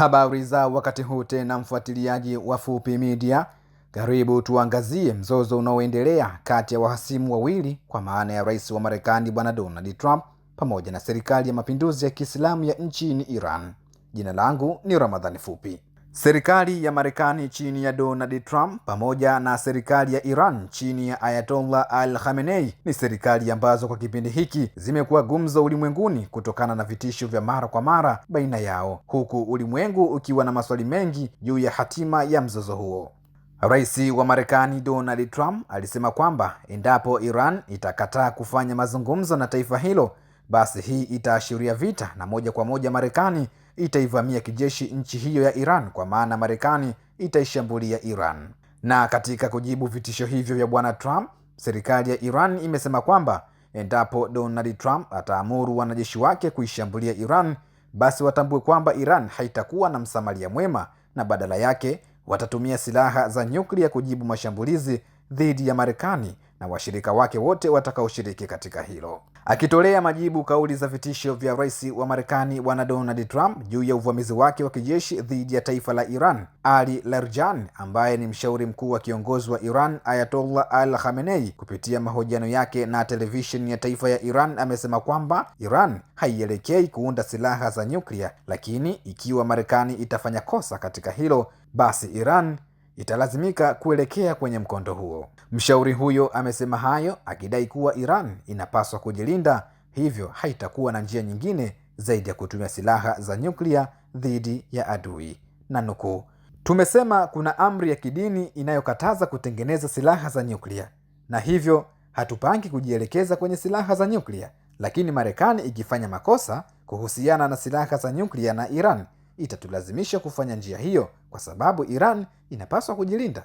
Habari za wakati huu tena, mfuatiliaji wa Fupi Media, karibu tuangazie mzozo unaoendelea kati ya wahasimu wawili kwa maana ya rais wa Marekani bwana Donald Trump pamoja na serikali ya mapinduzi ya Kiislamu ya nchini Iran. Jina langu ni Ramadhani Fupi. Serikali ya Marekani chini ya Donald Trump pamoja na serikali ya Iran chini ya Ayatollah Al Khamenei ni serikali ambazo kwa kipindi hiki zimekuwa gumzo ulimwenguni kutokana na vitisho vya mara kwa mara baina yao, huku ulimwengu ukiwa na maswali mengi juu ya hatima ya mzozo huo. Rais wa Marekani Donald Trump alisema kwamba endapo Iran itakataa kufanya mazungumzo na taifa hilo basi hii itaashiria vita na moja kwa moja Marekani itaivamia kijeshi nchi hiyo ya Iran, kwa maana Marekani itaishambulia Iran. Na katika kujibu vitisho hivyo vya bwana Trump, serikali ya Iran imesema kwamba endapo Donald Trump ataamuru wanajeshi wake kuishambulia Iran, basi watambue kwamba Iran haitakuwa na msamaria mwema, na badala yake watatumia silaha za nyuklia kujibu mashambulizi dhidi ya Marekani na washirika wake wote watakaoshiriki katika hilo. Akitolea majibu kauli za vitisho vya rais wa Marekani bwana Donald Trump juu ya uvamizi wake wa kijeshi dhidi ya taifa la Iran, Ali larjan ambaye ni mshauri mkuu wa kiongozi wa Iran Ayatollah Al Khamenei, kupitia mahojiano yake na televisheni ya taifa ya Iran amesema kwamba Iran haielekei kuunda silaha za nyuklia, lakini ikiwa Marekani itafanya kosa katika hilo, basi Iran italazimika kuelekea kwenye mkondo huo. Mshauri huyo amesema hayo akidai kuwa Iran inapaswa kujilinda, hivyo haitakuwa na njia nyingine zaidi ya kutumia silaha za nyuklia dhidi ya adui, na nukuu, tumesema kuna amri ya kidini inayokataza kutengeneza silaha za nyuklia na hivyo hatupangi kujielekeza kwenye silaha za nyuklia, lakini Marekani ikifanya makosa kuhusiana na silaha za nyuklia na Iran itatulazimisha kufanya njia hiyo kwa sababu Iran inapaswa kujilinda,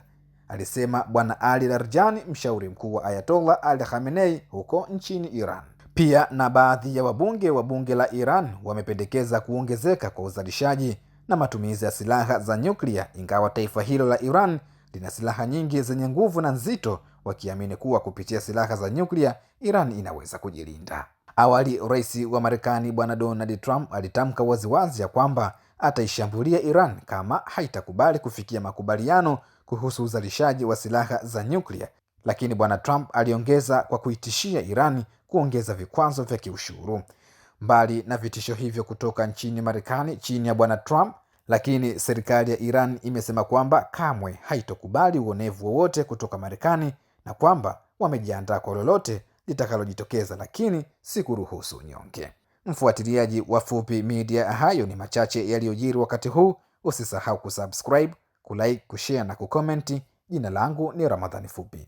alisema Bwana Ali larjani mshauri mkuu wa Ayatollah Ali Khamenei huko nchini Iran. Pia na baadhi ya wabunge wa bunge la Iran wamependekeza kuongezeka kwa uzalishaji na matumizi ya silaha za nyuklia, ingawa taifa hilo la Iran lina silaha nyingi zenye nguvu na nzito, wakiamini kuwa kupitia silaha za nyuklia Iran inaweza kujilinda. Awali rais wa Marekani Bwana Donald Trump alitamka waziwazi ya kwamba ataishambulia Iran kama haitakubali kufikia makubaliano kuhusu uzalishaji wa silaha za nyuklia, lakini bwana Trump aliongeza kwa kuitishia Iran kuongeza vikwazo vya kiushuru. Mbali na vitisho hivyo kutoka nchini Marekani chini ya bwana Trump, lakini serikali ya Iran imesema kwamba kamwe haitokubali uonevu wowote kutoka Marekani na kwamba wamejiandaa kwa lolote litakalojitokeza, lakini si kuruhusu nyonge. Mfuatiliaji wa Fupi Media, hayo ni machache yaliyojiri wakati huu. Usisahau kusubscribe, kulike, kushare na kukomenti. Jina langu ni Ramadhani Fupi.